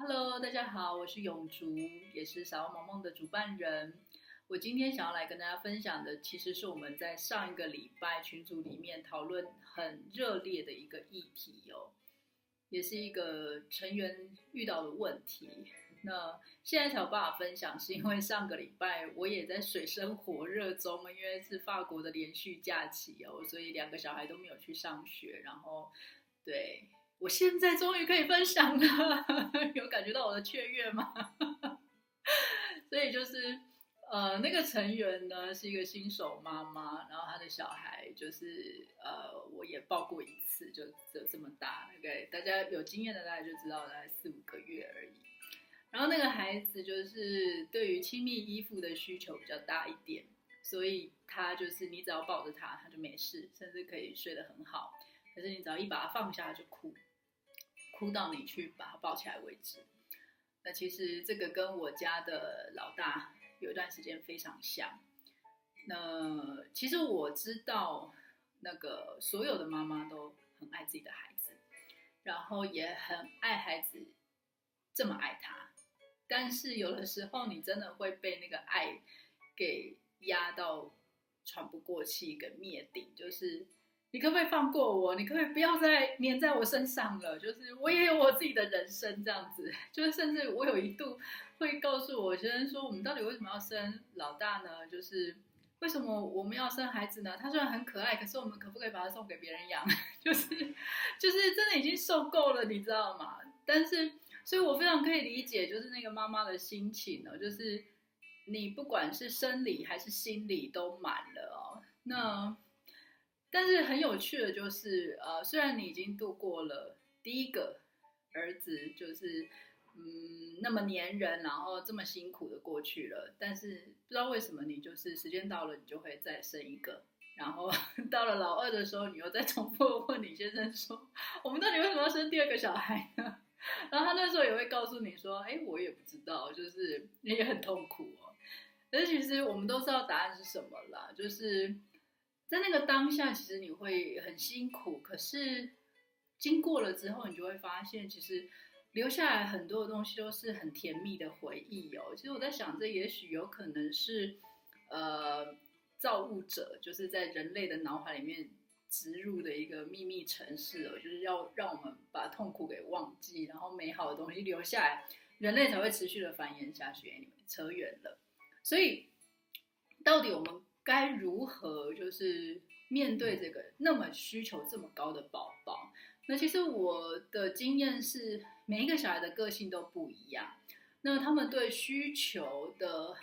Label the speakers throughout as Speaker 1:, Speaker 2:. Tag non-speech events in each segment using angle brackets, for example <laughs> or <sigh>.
Speaker 1: Hello，大家好，我是永竹，也是撒哇瑪矇的主辦人。我今天想要來跟大家分享的，其實是我們在上一個禮拜群組裡面討論很熱烈的一個議題哦，也是一個成員遇到的問題。那現在才有辦法分享，是因為上個禮拜我也在水深火熱中嘛，因為是法國的連續假期哦，所以兩個小孩都沒有去上學，然後對。我現在終於可以分享了，有感覺到我的雀躍嗎？ <laughs> 所以就是，呃，那個成員呢，是一個新手媽媽，然後他的小孩就是，呃，我也抱過一次，就只有這麼大。o、okay? 大家有經驗的大家就知道了，大概四五個月而已。然後那個孩子就是對於親密依附的需求比較大一點，所以他就是你只要抱着他，他就沒事，甚至可以睡得很好。可是你只要一把他放下，他就哭。哭到你去把他抱起來為止。那其實這個跟我家的老大有一段時間非常像。那其實我知道，那個所有的媽媽都很愛自己的孩子，然後也很愛孩子，這麼愛他。但是有的時候你真的會被那個愛給壓到喘不過氣，跟滅頂，就是。你可不可以放過我？你可不可以不要再黏在我身上了？就是我也有我自己的人生，這樣子。就是甚至我有一度會告訴我先生說：“我們到底為什麼要生老大呢？就是為什麼我們要生孩子呢？他雖然很可愛，可是我們可不可以把他送給別人養？就是就是真的已經受夠了，你知道嗎？但是，所以我非常可以理解，就是那個媽媽的心情呢、哦，就是你不管是生理還是心理都滿了哦。那。但是很有趣的就是，呃，雖然你已經度過了第一個兒子，就是嗯那麼粘人，然後這麼辛苦的過去了，但是不知道為什麼你就是時間到了，你就會再生一個，然後到了老二的時候，你又再重複問你先生說，我們到底為什麼要生第二個小孩呢？然後他那時候也會告訴你說，哎、欸，我也不知道，就是你也很痛苦哦。但是其實我們都知道答案是什麼啦，就是。在那個當下，其實你會很辛苦，可是經過了之後，你就會發現，其實留下來很多的東西都是很甜蜜的回憶哦。其實我在想，這也許有可能是，呃，造物者就是在人類的腦海裡面植入的一個秘密程式哦，就是要讓我們把痛苦給忘記，然後美好的東西留下來，人類才會持續的繁衍下去。扯遠了，所以到底我們？該如何就是面對這個那麼需求這麼高的寶寶？那其實我的經驗是，每一個小孩的個性都不一樣，那他們對需求的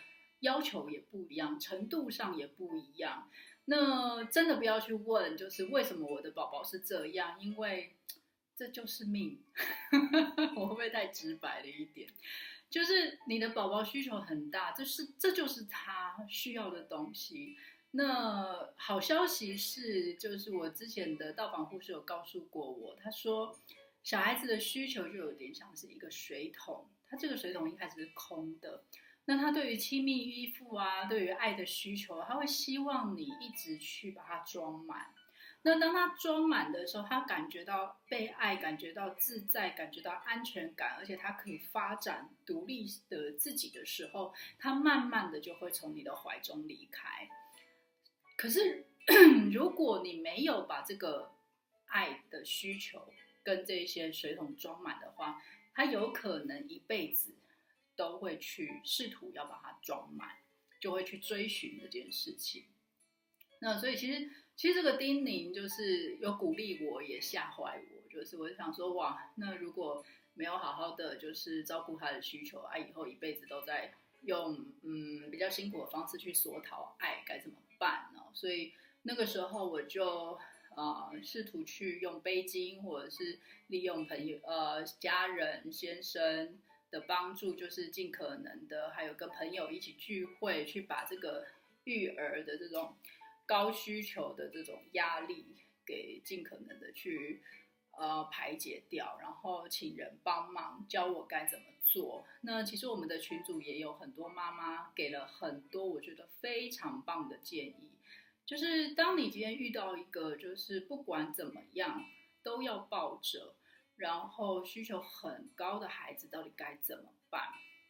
Speaker 1: 要求也不一樣，程度上也不一樣。那真的不要去問，就是為什麼我的寶寶是這樣，因為這就是命。 <laughs> 我會不會太直白了一點？就是你的寶寶需求很大，這是這就是他需要的東西。那好消息是，就是我之前的到訪護士有告訴過我，他說小孩子的需求就有點像是一個水桶，他這個水桶一開始是空的，那他對於親密依附啊，對於愛的需求，他會希望你一直去把它裝滿。那當他裝滿的時候，他感覺到被愛，感覺到自在，感覺到安全感，而且他可以發展獨立的自己的時候，他慢慢的就會從你的懷中離開。可是， <coughs> 如果你沒有把這個愛的需求跟這些水桶裝滿的話，他有可能一輩子都會去試圖要把它裝滿，就會去追尋這件事情。那所以其實。其實這個叮嚀就是有鼓勵我，也嚇壞我。就是我想說，哇，那如果沒有好好的就是照顧他的需求啊，以後一輩子都在用嗯比較辛苦的方式去索討愛該怎麼辦呢？所以那個時候我就啊、呃、試圖去用背巾，或者是利用朋友呃家人先生的幫助，就是盡可能的，還有跟朋友一起聚會，去把這個育兒的這種。高需求的這種壓力，給盡可能的去呃排解掉，然後請人幫忙教我該怎麼做。那其實我們的群組也有很多媽媽給了很多我覺得非常棒的建議，就是當你今天遇到一個就是不管怎麼樣都要抱着，然後需求很高的孩子到底該怎麼辦？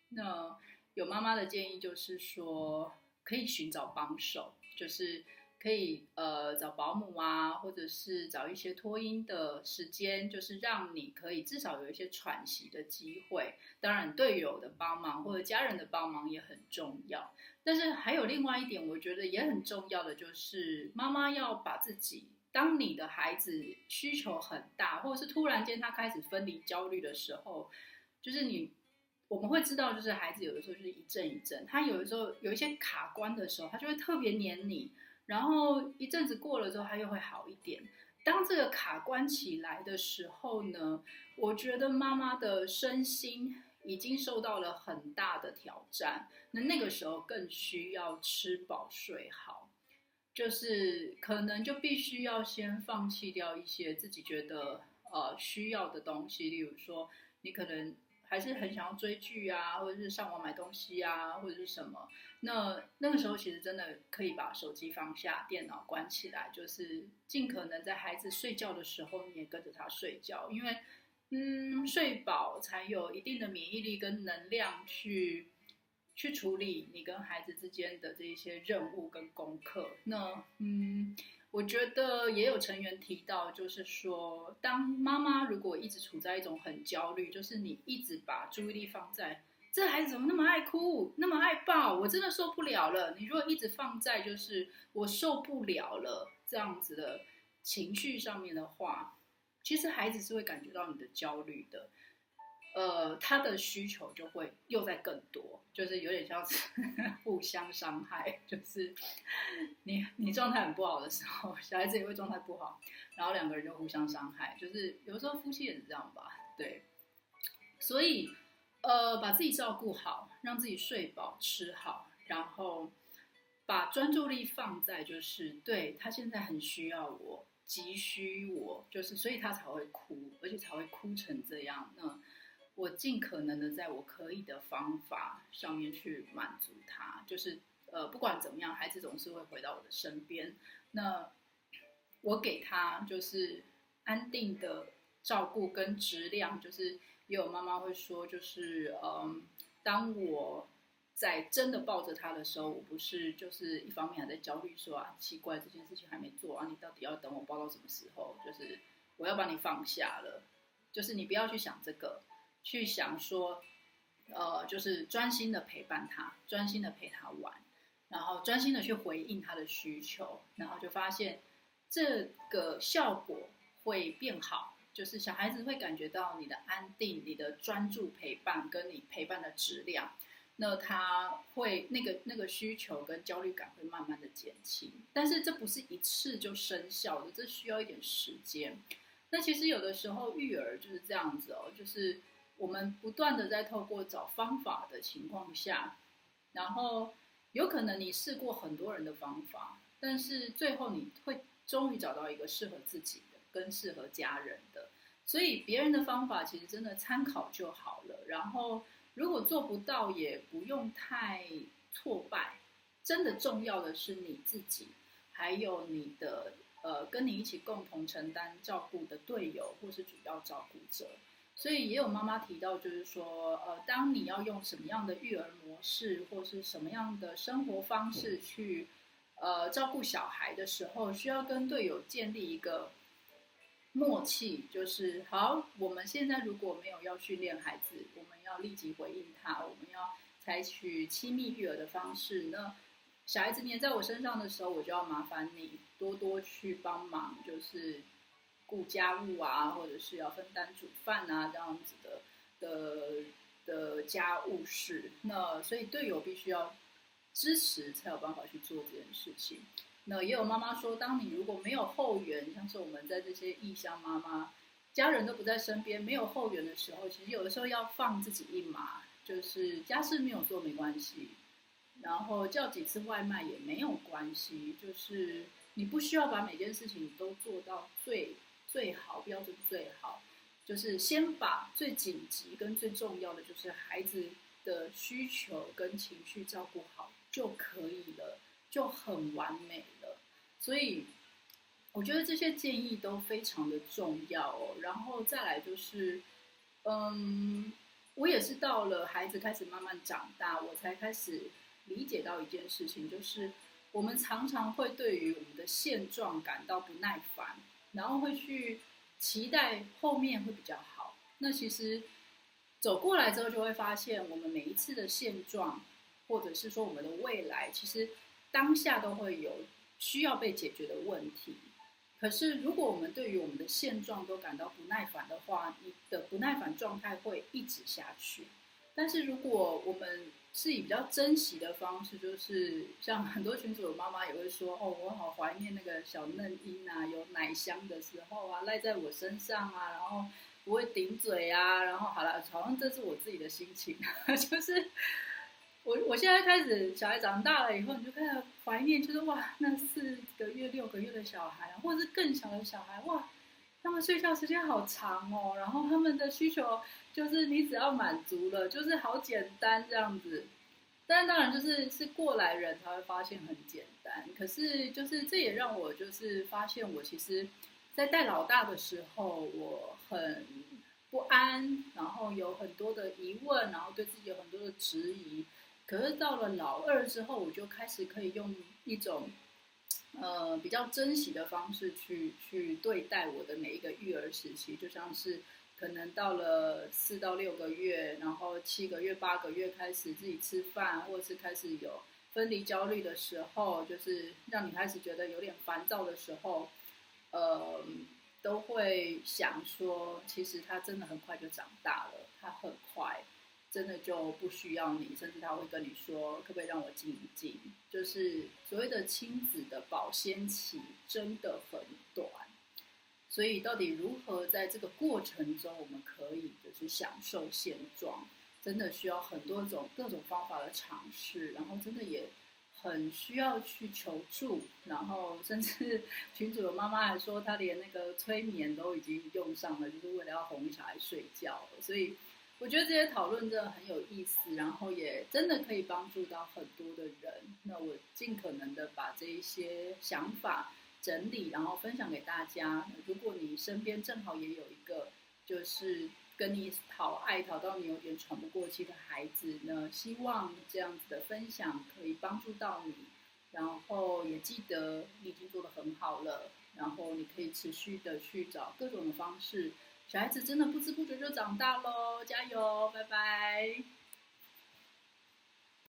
Speaker 1: 那有媽媽的建議就是說可以尋找幫手，就是。可以呃找保姆啊，或者是找一些托嬰的時間，就是讓你可以至少有一些喘息的機會。當然隊友的幫忙或者家人的幫忙也很重要。但是還有另外一點，我覺得也很重要的就是媽媽要把自己當你的孩子需求很大，或者是突然間他開始分離焦慮的時候，就是你我們會知道，就是孩子有的時候就是一陣一陣，他有的時候有一些卡關的時候，他就會特別黏你。然後一陣子過了之後，它又會好一點。當這個卡關起來的時候呢，我覺得媽媽的身心已經受到了很大的挑戰。那那個時候更需要吃飽睡好，就是可能就必須要先放棄掉一些自己覺得呃需要的東西，例如說你可能。還是很想要追劇啊，或者是上網買東西啊，或者是什麼？那那個時候其實真的可以把手機放下，電腦關起來，就是盡可能在孩子睡覺的時候，你也跟着他睡覺，因為嗯，睡飽才有一定的免疫力跟能量去去處理你跟孩子之間的這一些任務跟功課。那嗯。我覺得也有成員提到，就是說，當媽媽如果一直處在一種很焦慮，就是你一直把注意力放在這孩子怎麼那麼愛哭、那麼愛抱，我真的受不了了。你如果一直放在就是我受不了了這樣子的情緒上面的話，其實孩子是會感覺到你的焦慮的。呃，他的需求就會又再更多，就是有點像是呵呵互相傷害，就是你你狀態很不好的時候，小孩子也會狀態不好，然後兩個人就互相傷害，就是有時候夫妻也是這樣吧。對，所以呃，把自己照顧好，讓自己睡飽吃好，然後把專注力放在就是對他現在很需要我，急需我，就是所以他才會哭，而且才會哭成這樣，呃我盡可能的在我可以的方法上面去滿足他，就是呃，不管怎麼樣，孩子總是會回到我的身邊。那我給他就是安定的照顧跟質量，就是也有媽媽會說，就是嗯、呃，當我在真的抱着他的時候，我不是就是一方面還在焦慮說啊，奇怪這件事情還沒做啊，你到底要等我抱到什麼時候？就是我要把你放下了，就是你不要去想這個。去想說，呃，就是專心的陪伴他，專心的陪他玩，然後專心的去回應他的需求，然後就發現這個效果會變好，就是小孩子會感覺到你的安定、你的專注陪伴跟你陪伴的質量，那他會那個那個需求跟焦慮感會慢慢的減輕，但是這不是一次就生效的，這需要一點時間。那其實有的時候育兒就是這樣子哦，就是。我們不斷的在透過找方法的情況下，然後有可能你試過很多人的方法，但是最後你會終於找到一個適合自己的跟適合家人的。所以別人的方法其實真的參考就好了。然後如果做不到，也不用太挫敗。真的重要的是你自己，還有你的呃跟你一起共同承擔照顧的隊友或是主要照顧者。所以也有媽媽提到，就是說，呃，當你要用什麼樣的育兒模式或是什麼樣的生活方式去，呃，照顧小孩的時候，需要跟隊友建立一個默契，就是好，我們現在如果沒有要訓練孩子，我們要立即回應他，我們要採取親密育兒的方式。那小孩子黏在我身上的時候，我就要麻煩你多多去幫忙，就是。家務啊，或者是要分擔煮飯啊這樣子的的的家務事，那所以隊友必須要支持才有辦法去做這件事情。那也有媽媽說，當你如果沒有後援，像是我們在這些異鄉媽媽，家人都不在身邊，沒有後援的時候，其實有的時候要放自己一馬，就是家事沒有做沒關係，然後叫幾次外賣也沒有關係，就是你不需要把每件事情都做到最。最好，標準最好，就是先把最緊急跟最重要的，就是孩子的需求跟情緒照顧好就可以了，就很完美了。所以我覺得這些建議都非常的重要哦。然後再來就是，嗯，我也是到了孩子開始慢慢長大，我才開始理解到一件事情，就是我們常常會對於我們的現狀感到不耐煩。然後會去期待後面會比較好。那其實走過來之後，就會發現我們每一次的現狀，或者是說我們的未來，其實當下都會有需要被解決的問題。可是如果我們對於我們的現狀都感到不耐煩的話，你的不耐煩狀態會一直下去。但是如果我們是以比較珍惜的方式，就是像很多群組的媽媽也會說，哦，我好懷念那個小嫩嬰啊，有奶香的時候啊，賴在我身上啊，然後不會頂嘴啊，然後好了，好像這是我自己的心情，呵呵，就是我我現在開始，小孩長大了以後，你就開始懷念，就是哇，那四個月、六個月的小孩啊，或者是更小的小孩，哇，他們睡覺時間好長哦，然後他們的需求。就是你只要滿足了，就是好簡單這樣子。但當然，就是是過來人才會發現很簡單。可是，就是這也讓我就是發現，我其實，在帶老大的時候，我很不安，然後有很多的疑問，然後對自己有很多的質疑。可是到了老二之後，我就開始可以用一種，呃，比較珍惜的方式去去對待我的每一個育兒時期，就像是。可能到了四到六個月，然後七個月、八個月開始自己吃飯，或者是開始有分離焦慮的時候，就是讓你開始覺得有點煩躁的時候，呃，都會想說，其實他真的很快就長大了，他很快，真的就不需要你，甚至他會跟你說，可不可以讓我靜一靜？就是所謂的親子的保鮮期真的很所以，到底如何在這個過程中，我們可以就是享受現狀？真的需要很多種各種方法的嘗試，然後真的也很需要去求助。然後，甚至群主的媽媽還說，她連那個催眠都已經用上了，就是為了要哄小孩睡覺。所以，我覺得這些討論真的很有意思，然後也真的可以幫助到很多的人。那我盡可能的把這一些想法。整理，然後分享給大家。如果你身邊正好也有一個，就是跟你討愛討到你有點喘不過氣的孩子呢，那希望這樣子的分享可以幫助到你。然後也記得你已經做得很好了，然後你可以持續的去找各種的方式。小孩子真的不知不覺就長大嘍，加油，拜拜。